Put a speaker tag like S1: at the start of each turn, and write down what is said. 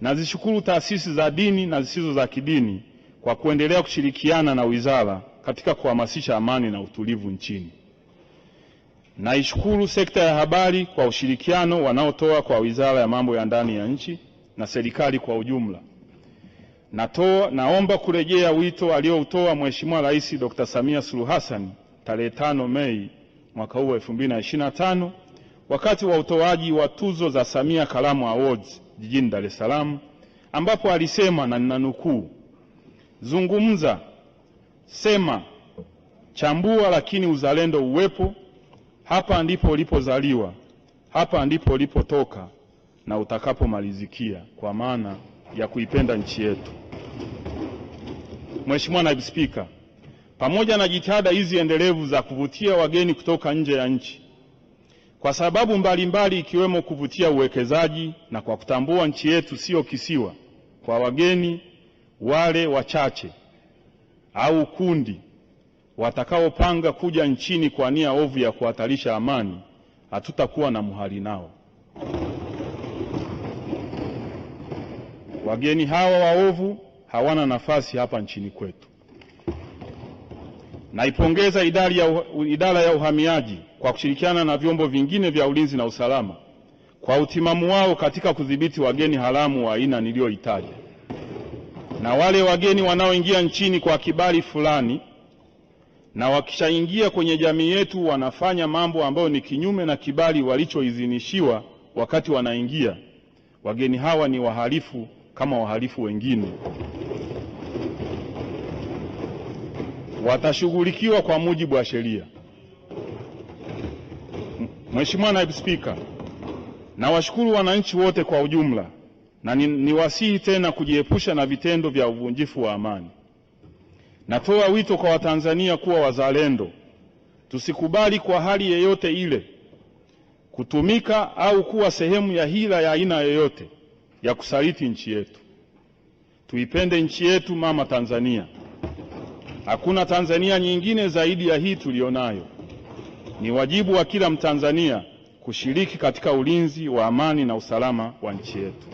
S1: Nazishukuru taasisi za dini na zisizo za kidini kwa kuendelea kushirikiana na wizara katika kuhamasisha amani na utulivu nchini. Naishukuru sekta ya habari kwa ushirikiano wanaotoa kwa Wizara ya Mambo ya Ndani ya Nchi na serikali kwa ujumla. Natoa, naomba kurejea wito alioutoa Mheshimiwa Rais Dr. Samia Suluhu Hassan tarehe 5 Mei mwaka huu 2025 wakati wa utoaji wa tuzo za Samia Kalamu Awards jijini Dar es Salaam ambapo alisema na ninanukuu, zungumza, sema, chambua, lakini uzalendo uwepo. Hapa ndipo ulipozaliwa, hapa ndipo ulipotoka na utakapomalizikia, kwa maana ya kuipenda nchi yetu. Mheshimiwa Naibu Spika, pamoja na jitihada hizi endelevu za kuvutia wageni kutoka nje ya nchi kwa sababu mbalimbali ikiwemo kuvutia uwekezaji na kwa kutambua nchi yetu siyo kisiwa kwa wageni wale wachache au kundi watakaopanga kuja nchini kwa nia ovu ya kuhatarisha amani, hatutakuwa na muhali nao. Wageni hawa waovu hawana nafasi hapa nchini kwetu. Naipongeza idara ya uhamiaji kwa kushirikiana na vyombo vingine vya ulinzi na usalama kwa utimamu wao katika kudhibiti wageni haramu wa aina niliyoitaja na wale wageni wanaoingia nchini kwa kibali fulani na wakishaingia kwenye jamii yetu wanafanya mambo ambayo ni kinyume na kibali walichoidhinishiwa wakati wanaingia. Wageni hawa ni wahalifu kama wahalifu wengine. watashughulikiwa kwa mujibu wa sheria. Mheshimiwa Naibu Spika, nawashukuru wananchi wote kwa ujumla na niwasihi tena kujiepusha na vitendo vya uvunjifu wa amani. Natoa wito kwa Watanzania kuwa wazalendo, tusikubali kwa hali yeyote ile kutumika au kuwa sehemu ya hila ya aina yoyote ya kusaliti nchi yetu. Tuipende nchi yetu mama Tanzania. Hakuna Tanzania nyingine zaidi ya hii tuliyonayo. Ni wajibu wa kila Mtanzania kushiriki katika ulinzi wa amani na usalama wa nchi yetu.